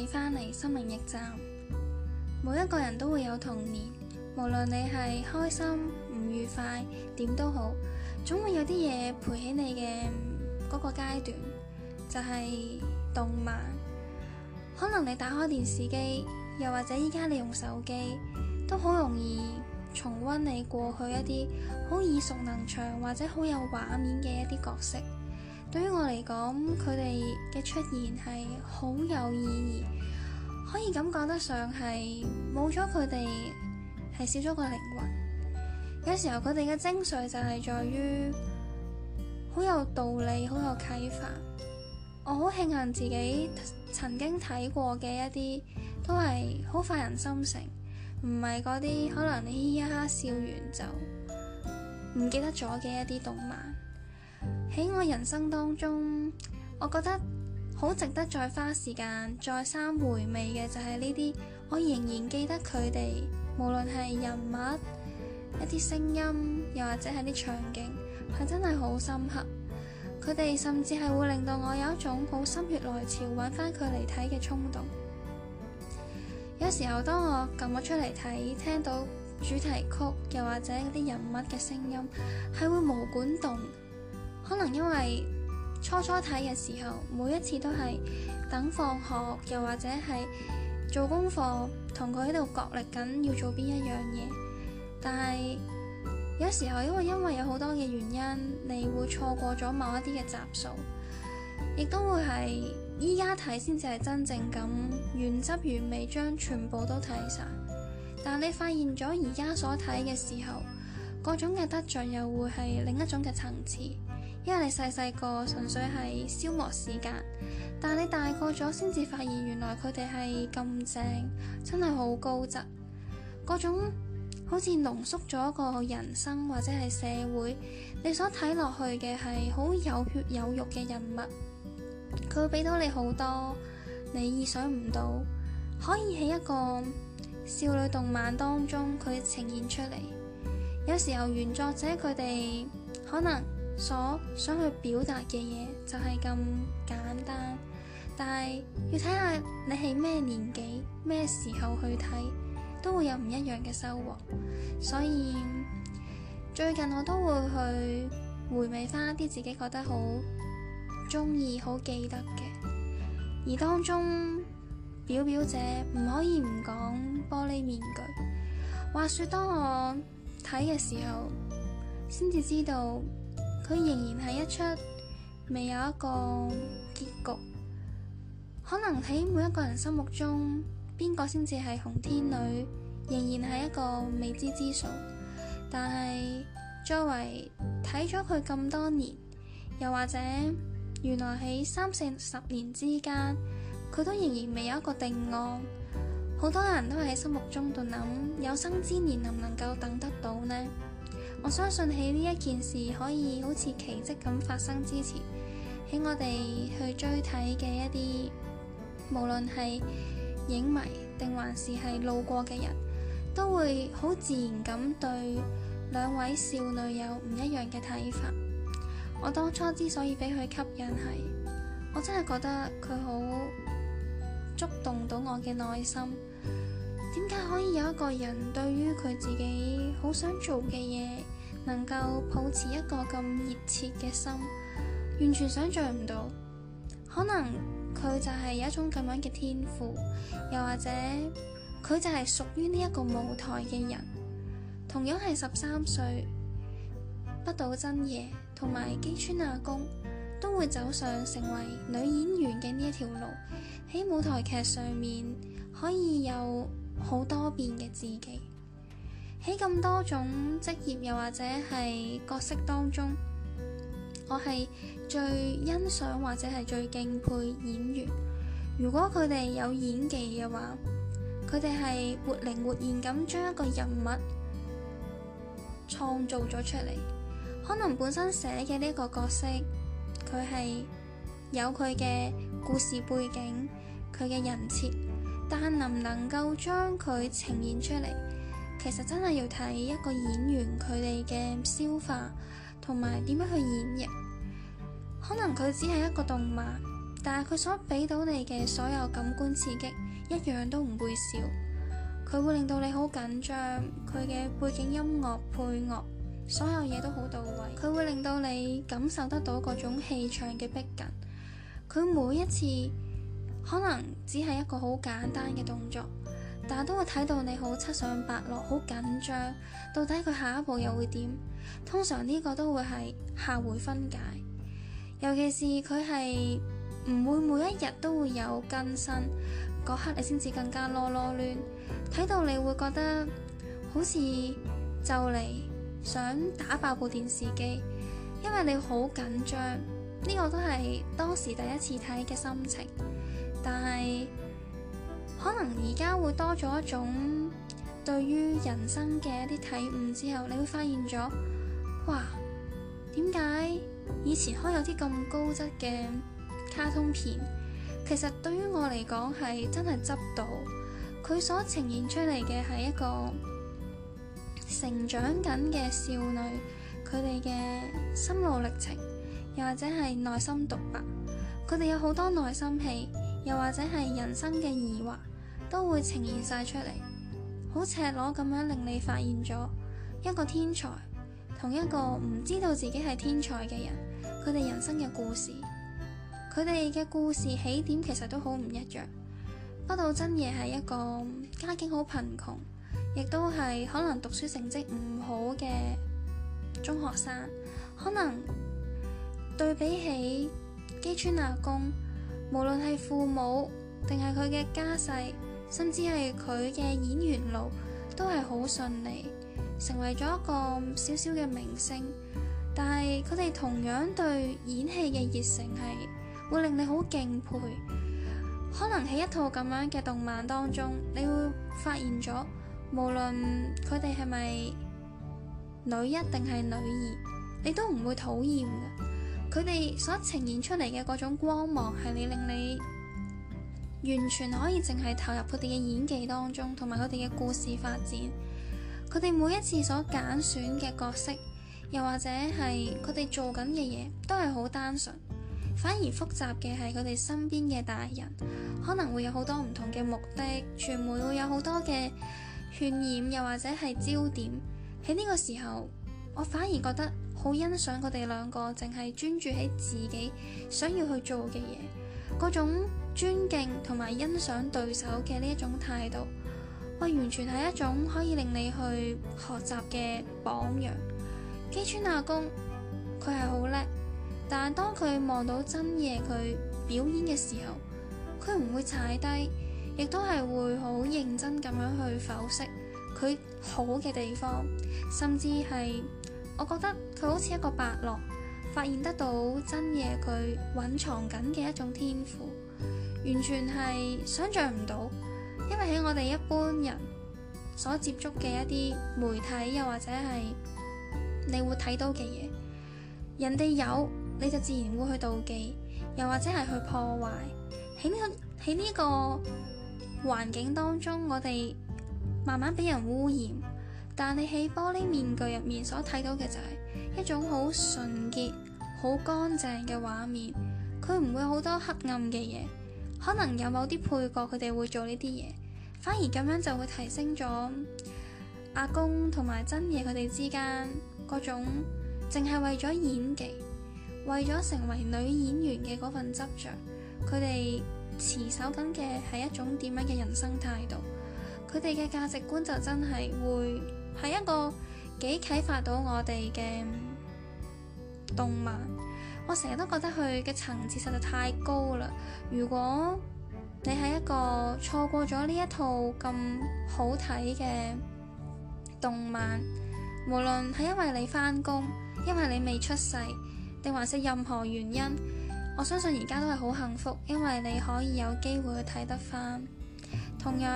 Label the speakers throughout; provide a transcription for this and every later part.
Speaker 1: 你翻嚟心靈驛站，每一個人都會有童年，無論你係開心唔愉快，點都好，總會有啲嘢陪起你嘅嗰個階段，就係動漫。可能你打開電視機，又或者依家你用手機，都好容易重温你過去一啲好耳熟能詳或者好有畫面嘅一啲角色。對於我嚟講，佢哋嘅出現係好有意義，可以噉講得上係冇咗佢哋係少咗個靈魂。有時候佢哋嘅精髓就係在於好有道理、好有啟發。我好慶幸自己曾經睇過嘅一啲都係好發人心省，唔係嗰啲可能你呢一刻笑完就唔記得咗嘅一啲動漫。喺我人生當中，我覺得好值得再花時間再三回味嘅就係呢啲。我仍然記得佢哋，無論係人物一啲聲音，又或者係啲場景，係真係好深刻。佢哋甚至係會令到我有一種好心血來潮，揾返佢嚟睇嘅衝動。有時候當我撳我出嚟睇，聽到主題曲，又或者嗰啲人物嘅聲音，係會毛管動。可能因為初初睇嘅時候，每一次都係等放學，又或者係做功課，同佢喺度角力緊要做邊一樣嘢。但係有時候，因為因為有好多嘅原因，你會錯過咗某一啲嘅集數，亦都會係依家睇先至係真正咁原汁原味將全部都睇晒。但你發現咗而家所睇嘅時候，各種嘅得著又會係另一種嘅層次。因為你細細個純粹係消磨時間，但係你大個咗先至發現，原來佢哋係咁正，真係好高質。嗰種好似濃縮咗個人生或者係社會，你所睇落去嘅係好有血有肉嘅人物，佢會俾到你好多你意想唔到，可以喺一個少女動漫當中佢呈現出嚟。有時候原作者佢哋可能。所想去表達嘅嘢，就係咁簡單，但係要睇下你係咩年紀、咩時候去睇，都會有唔一樣嘅收穫。所以最近我都會去回味翻一啲自己覺得好中意、好記得嘅。而當中表表者唔可以唔講玻璃面具，話說當我睇嘅時候，先至知道。佢仍然係一出未有一個結局，可能喺每一個人心目中，邊個先至係紅天女，仍然係一個未知之數。但係作為睇咗佢咁多年，又或者原來喺三四十年之間，佢都仍然未有一個定案。好多人都喺心目中度諗，有生之年能唔能夠等得到呢？我相信喺呢一件事可以好似奇蹟咁發生之前，喺我哋去追睇嘅一啲，無論係影迷定還是係路過嘅人，都會好自然咁對兩位少女有唔一樣嘅睇法。我當初之所以俾佢吸引，係我真係覺得佢好觸動到我嘅內心。點解可以有一個人對於佢自己好想做嘅嘢？能夠抱持一個咁熱切嘅心，完全想象唔到。可能佢就係有一種咁樣嘅天賦，又或者佢就係屬於呢一個舞台嘅人。同樣係十三歲，不到真夜同埋基川阿公都會走上成為女演員嘅呢一條路，喺舞台劇上面可以有好多變嘅自己。喺咁多種職業又或者係角色當中，我係最欣賞或者係最敬佩演員。如果佢哋有演技嘅話，佢哋係活靈活現咁將一個人物創造咗出嚟。可能本身寫嘅呢個角色，佢係有佢嘅故事背景、佢嘅人設，但能唔能夠將佢呈現出嚟？其實真係要睇一個演員佢哋嘅消化同埋點樣去演繹。可能佢只係一個動漫，但係佢所俾到你嘅所有感官刺激一樣都唔會少。佢會令到你好緊張，佢嘅背景音樂、配樂，所有嘢都好到位。佢會令到你感受得到嗰種氣場嘅逼近。佢每一次可能只係一個好簡單嘅動作。但都會睇到你好七上八落，好緊張。到底佢下一步又會點？通常呢個都會係下回分解，尤其是佢係唔會每一日都會有更新。嗰刻你先至更加囉囉攣，睇到你會覺得好似就嚟想打爆部電視機，因為你好緊張。呢個都係當時第一次睇嘅心情，但係。可能而家會多咗一種對於人生嘅一啲體悟之後，你會發現咗哇，點解以前開有啲咁高質嘅卡通片，其實對於我嚟講係真係執到，佢所呈現出嚟嘅係一個成長緊嘅少女，佢哋嘅心路歷程，又或者係內心獨白，佢哋有好多內心戲，又或者係人生嘅疑惑。都會呈現晒出嚟，好赤裸咁樣令你發現咗一個天才同一個唔知道自己係天才嘅人。佢哋人生嘅故事，佢哋嘅故事起點其實都好唔一樣。不島真野係一個家境好貧窮，亦都係可能讀書成績唔好嘅中學生，可能對比起基川阿貢，無論係父母定係佢嘅家世。甚至係佢嘅演員路都係好順利，成為咗一個小小嘅明星。但係佢哋同樣對演戲嘅熱誠係會令你好敬佩。可能喺一套咁樣嘅動漫當中，你會發現咗無論佢哋係咪女一定係女二，你都唔會討厭嘅。佢哋所呈現出嚟嘅嗰種光芒係你令你。完全可以淨係投入佢哋嘅演技當中，同埋佢哋嘅故事發展。佢哋每一次所揀選嘅角色，又或者係佢哋做緊嘅嘢，都係好單純。反而複雜嘅係佢哋身邊嘅大人，可能會有好多唔同嘅目的，傳媒會有好多嘅渲染，又或者係焦點。喺呢個時候，我反而覺得好欣賞佢哋兩個淨係專注喺自己想要去做嘅嘢嗰種。尊敬同埋欣賞對手嘅呢一種態度，喂，完全係一種可以令你去學習嘅榜樣。基川阿公佢係好叻，但係當佢望到真夜佢表演嘅時候，佢唔會踩低，亦都係會好認真咁樣去剖析佢好嘅地方，甚至係我覺得佢好似一個伯樂，發現得到真夜佢隱藏緊嘅一種天賦。完全係想像唔到，因為喺我哋一般人所接觸嘅一啲媒體，又或者係你會睇到嘅嘢，人哋有你就自然會去妒忌，又或者係去破壞。喺呢，喺呢個環境當中，我哋慢慢俾人污染。但你喺玻璃面具入面所睇到嘅就係一種好純潔、好乾淨嘅畫面，佢唔會好多黑暗嘅嘢。可能有某啲配角佢哋會做呢啲嘢，反而咁樣就會提升咗阿公同埋真夜佢哋之間嗰種淨係為咗演技、為咗成為女演員嘅嗰份執着，佢哋持守緊嘅係一種點樣嘅人生態度，佢哋嘅價值觀就真係會係一個幾啟發到我哋嘅動漫。我成日都覺得佢嘅層次實在太高啦！如果你係一個錯過咗呢一套咁好睇嘅動漫，無論係因為你返工、因為你未出世，定還是任何原因，我相信而家都係好幸福，因為你可以有機會去睇得翻。同樣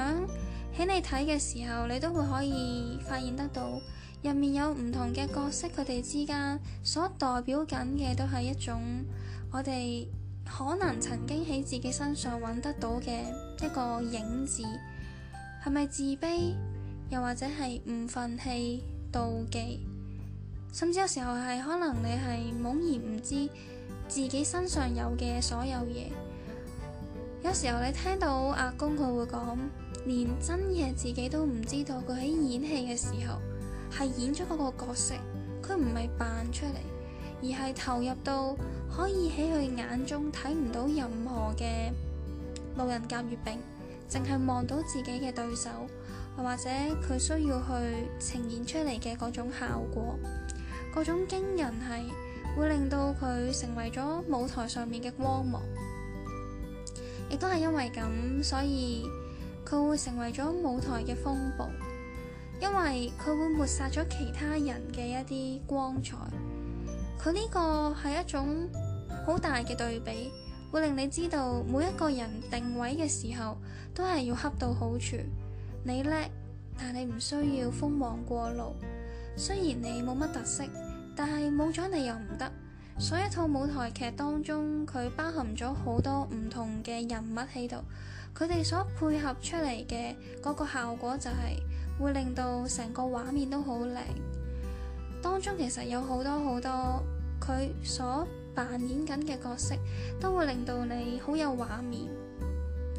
Speaker 1: 喺你睇嘅時候，你都會可以發現得到。入面有唔同嘅角色，佢哋之間所代表緊嘅都係一種我哋可能曾經喺自己身上揾得到嘅一個影子，係咪自卑，又或者係唔忿氣妒忌，甚至有時候係可能你係懵然唔知自己身上有嘅所有嘢。有時候你聽到阿公佢會講，連真嘅自己都唔知道，佢喺演戲嘅時候。係演咗嗰個角色，佢唔係扮出嚟，而係投入到可以喺佢眼中睇唔到任何嘅路人甲乙丙，淨係望到自己嘅對手，或者佢需要去呈現出嚟嘅嗰種效果，嗰種驚人係會令到佢成為咗舞台上面嘅光芒。亦都係因為咁，所以佢會成為咗舞台嘅風暴。因為佢會抹殺咗其他人嘅一啲光彩，佢呢個係一種好大嘅對比，會令你知道每一個人定位嘅時候都係要恰到好處。你叻，但你唔需要鋒芒過露。雖然你冇乜特色，但係冇咗你又唔得。所以套舞台劇當中，佢包含咗好多唔同嘅人物喺度，佢哋所配合出嚟嘅嗰個效果就係、是。會令到成個畫面都好靚，當中其實有好多好多佢所扮演緊嘅角色，都會令到你好有畫面。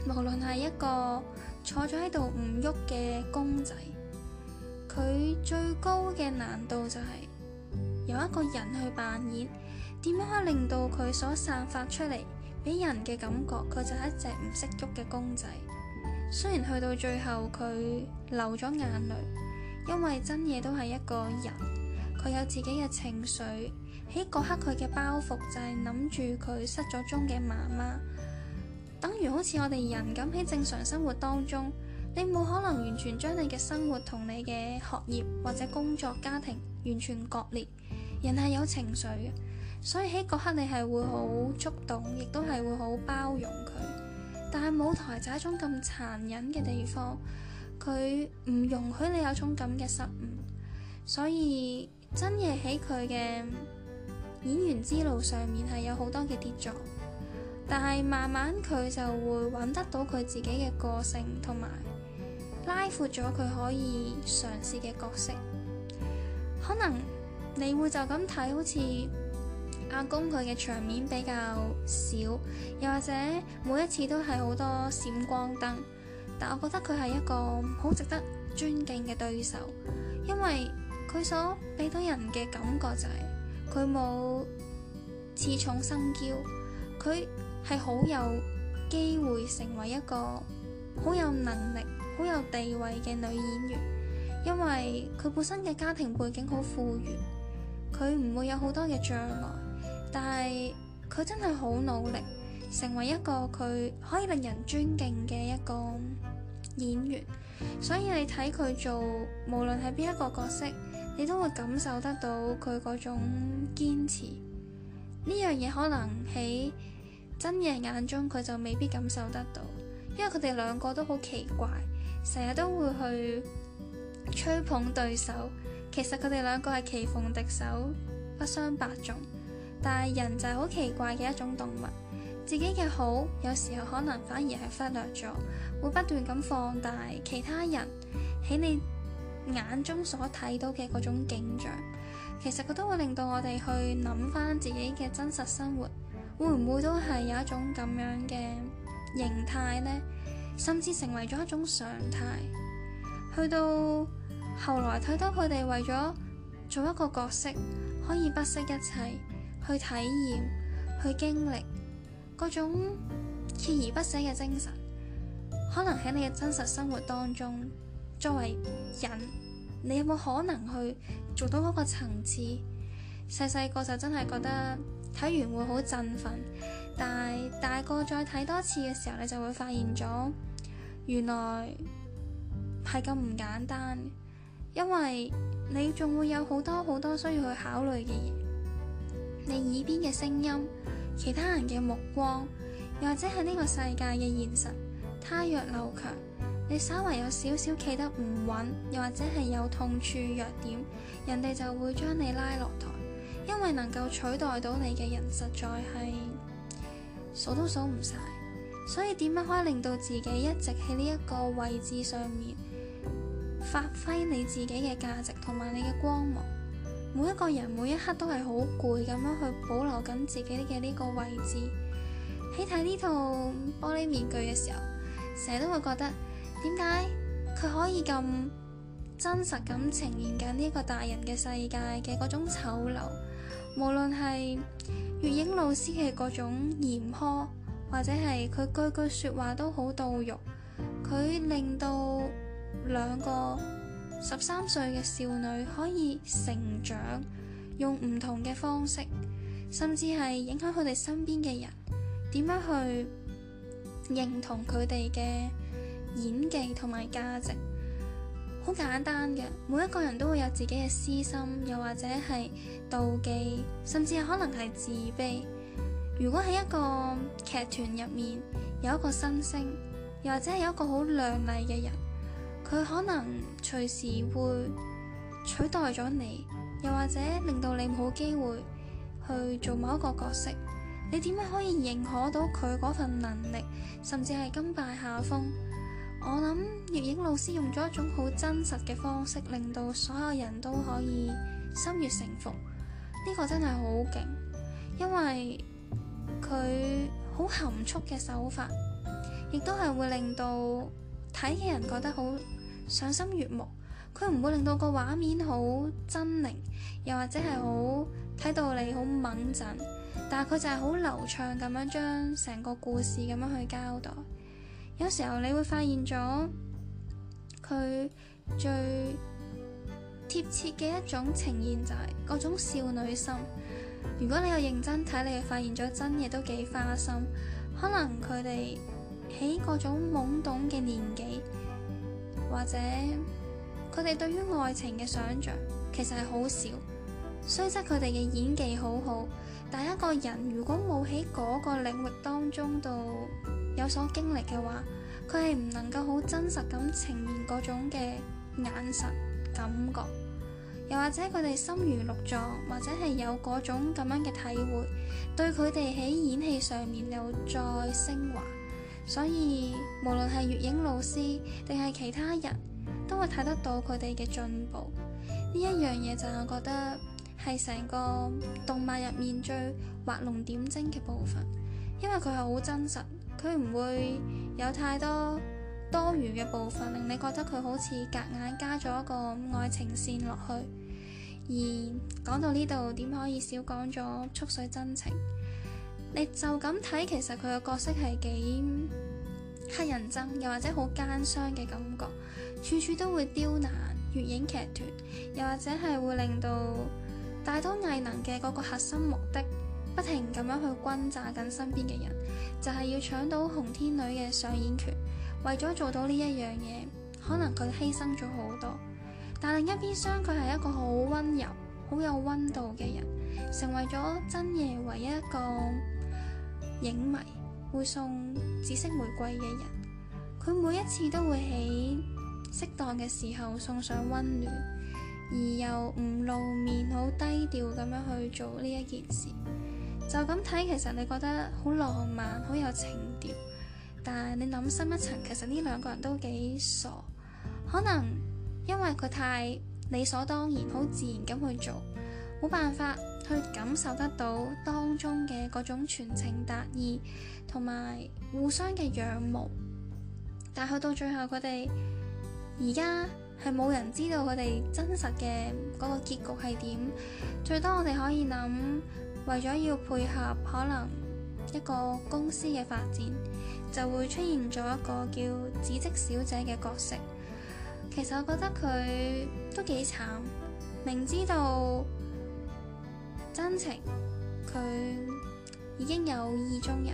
Speaker 1: 無論係一個坐咗喺度唔喐嘅公仔，佢最高嘅難度就係由一個人去扮演，點樣可以令到佢所散發出嚟俾人嘅感覺，佢就係一隻唔識喐嘅公仔。雖然去到最後佢流咗眼淚，因為真嘢都係一個人，佢有自己嘅情緒。喺嗰刻佢嘅包袱就係諗住佢失咗蹤嘅媽媽，等於好似我哋人咁喺正常生活當中，你冇可能完全將你嘅生活同你嘅學業或者工作、家庭完全割裂。人係有情緒嘅，所以喺嗰刻你係會好觸動，亦都係會好包容佢。但係舞台就係一種咁殘忍嘅地方，佢唔容許你有種咁嘅失誤，所以真係喺佢嘅演員之路上面係有好多嘅跌撞，但係慢慢佢就會揾得到佢自己嘅個性，同埋拉闊咗佢可以嘗試嘅角色，可能你會就咁睇好似。阿公佢嘅場面比較少，又或者每一次都係好多閃光燈，但我覺得佢係一個好值得尊敬嘅對手，因為佢所俾到人嘅感覺就係佢冇恃寵生驕，佢係好有機會成為一個好有能力、好有地位嘅女演員，因為佢本身嘅家庭背景好富裕，佢唔會有好多嘅障礙。但係佢真係好努力，成為一個佢可以令人尊敬嘅一個演員。所以你睇佢做，無論係邊一個角色，你都會感受得到佢嗰種堅持。呢樣嘢可能喺真嘅眼中，佢就未必感受得到，因為佢哋兩個都好奇怪，成日都會去吹捧對手。其實佢哋兩個係棋逢敵手，不相伯仲。但係人就係好奇怪嘅一種動物，自己嘅好有時候可能反而係忽略咗，會不斷咁放大其他人喺你眼中所睇到嘅嗰種景象。其實佢都會令到我哋去諗翻自己嘅真實生活，會唔會都係有一種咁樣嘅形態呢？甚至成為咗一種常態，去到後來睇到佢哋為咗做一個角色，可以不惜一切。去體驗、去經歷嗰種鍥而不捨嘅精神，可能喺你嘅真實生活當中，作為人，你有冇可能去做到嗰個層次？細細個就真係覺得睇完會好振奮，但係大個再睇多次嘅時候，你就會發現咗，原來係咁唔簡單，因為你仲會有好多好多需要去考慮嘅嘢。你耳邊嘅聲音，其他人嘅目光，又或者係呢個世界嘅現實，汰弱留強，你稍微有少少企得唔穩，又或者係有痛處弱點，人哋就會將你拉落台，因為能夠取代到你嘅人實在係數都數唔晒，所以點樣可以令到自己一直喺呢一個位置上面發揮你自己嘅價值同埋你嘅光芒？每一個人每一刻都係好攰咁樣去保留緊自己嘅呢個位置。喺睇呢套玻璃面具嘅時候，成日都會覺得點解佢可以咁真實咁呈現緊呢個大人嘅世界嘅嗰種醜陋。無論係月影老師嘅各種嚴苛，或者係佢句句說話都好到肉，佢令到兩個。十三歲嘅少女可以成長，用唔同嘅方式，甚至係影響佢哋身邊嘅人點樣去認同佢哋嘅演技同埋價值。好簡單嘅，每一個人都會有自己嘅私心，又或者係妒忌，甚至可能係自卑。如果喺一個劇團入面有一個新星，又或者係有一個好靚麗嘅人。佢可能隨時會取代咗你，又或者令到你冇機會去做某一個角色。你點樣可以認可到佢嗰份能力，甚至係甘拜下風？我諗月影老師用咗一種好真實嘅方式，令到所有人都可以心悦誠服。呢、這個真係好勁，因為佢好含蓄嘅手法，亦都係會令到睇嘅人覺得好。賞心悅目，佢唔會令到個畫面好猙獰，又或者係好睇到你好猛震，但係佢就係好流暢咁樣將成個故事咁樣去交代。有時候你會發現咗佢最貼切嘅一種呈現就係各種少女心。如果你有認真睇，你會發現咗真嘢都幾花心，可能佢哋喺各種懵懂嘅年紀。或者佢哋對於愛情嘅想像其實係好少，雖則佢哋嘅演技好好，但一個人如果冇喺嗰個領域當中度有所經歷嘅話，佢係唔能夠好真實咁呈現嗰種嘅眼神感覺。又或者佢哋心如鹿撞，或者係有嗰種咁樣嘅體會，對佢哋喺演戲上面又再昇華。所以，無論係月影老師定係其他人都會睇得到佢哋嘅進步，呢一樣嘢就係我覺得係成個動漫入面最畫龍點睛嘅部分，因為佢係好真實，佢唔會有太多多餘嘅部分令你覺得佢好似隔硬硬加咗一個愛情線落去。而講到呢度，點可以少講咗《速水真澄》？你就咁睇，其實佢個角色係幾乞人憎，又或者好奸商嘅感覺，處處都會刁難月影劇團，又或者係會令到大多藝能嘅嗰個核心目的，不停咁樣去轟炸緊身邊嘅人，就係、是、要搶到紅天女嘅上演權。為咗做到呢一樣嘢，可能佢犧牲咗好多。但另一邊廂，佢係一個好溫柔、好有溫度嘅人，成為咗真夜唯一一個影迷會送紫色玫瑰嘅人，佢每一次都會喺適當嘅時候送上溫暖，而又唔露面，好低調咁樣去做呢一件事。就咁睇，其實你覺得好浪漫，好有情調。但係你諗深一層，其實呢兩個人都幾傻，可能因為佢太理所當然，好自然咁去做，冇辦法。感受得到當中嘅各種傳情達意，同埋互相嘅仰慕，但去到最後佢哋而家係冇人知道佢哋真實嘅嗰個結局係點。最多我哋可以諗，為咗要配合可能一個公司嘅發展，就會出現咗一個叫子織小姐嘅角色。其實我覺得佢都幾慘，明知道。真情，佢已經有意中人，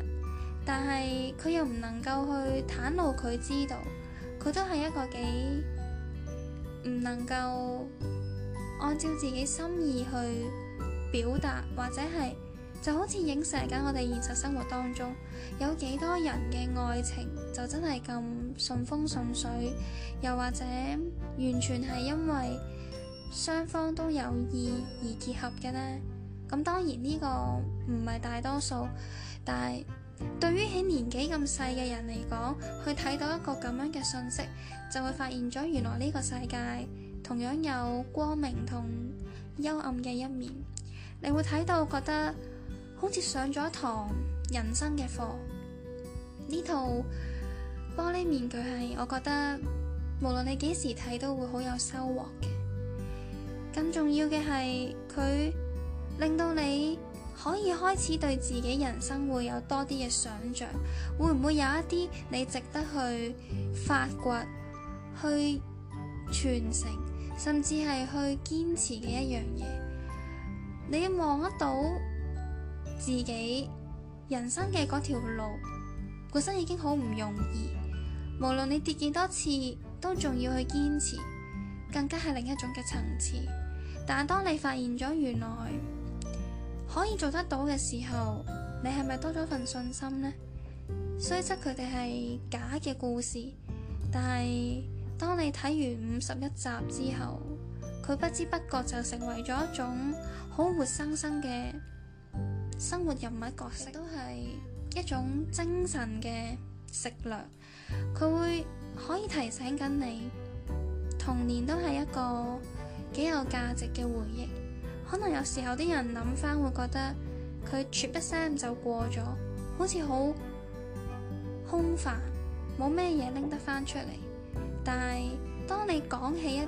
Speaker 1: 但係佢又唔能夠去袒露佢知道，佢都係一個幾唔能夠按照自己心意去表達，或者係就好似影射緊我哋現實生活當中有幾多人嘅愛情就真係咁順風順水，又或者完全係因為雙方都有意而結合嘅呢？咁當然呢個唔係大多數，但係對於起年紀咁細嘅人嚟講，去睇到一個咁樣嘅信息，就會發現咗原來呢個世界同樣有光明同幽暗嘅一面。你會睇到覺得好似上咗一堂人生嘅課。呢套玻璃面具係我覺得無論你幾時睇都會好有收穫嘅。更重要嘅係佢，令到你可以開始對自己人生會有多啲嘅想像，會唔會有一啲你值得去發掘、去傳承，甚至係去堅持嘅一樣嘢？你要望得到自己人生嘅嗰條路，本身已經好唔容易，無論你跌幾多次都仲要去堅持，更加係另一種嘅層次。但當你發現咗原來，可以做得到嘅時候，你係咪多咗份信心呢？雖則佢哋係假嘅故事，但係當你睇完五十一集之後，佢不知不覺就成為咗一種好活生生嘅生活人物角色，都係一種精神嘅食糧，佢會可以提醒緊你，童年都係一個幾有價值嘅回憶。可能有時候啲人諗翻會覺得佢 trip 一聲就過咗，好似好空泛，冇咩嘢拎得翻出嚟。但係當你講起一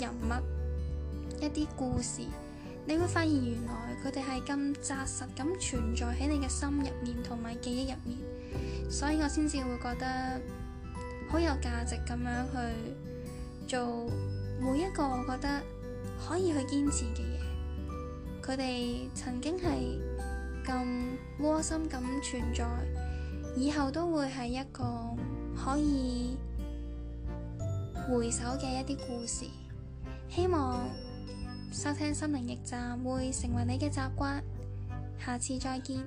Speaker 1: 啲人物、一啲故事，你會發現原來佢哋係咁紮實咁存在喺你嘅心入面同埋記憶入面，所以我先至會覺得好有價值咁樣去做每一個我覺得可以去堅持嘅嘢。佢哋曾經係咁窩心咁存在，以後都會係一個可以回首嘅一啲故事。希望收聽心靈驛站會成為你嘅習慣，下次再見。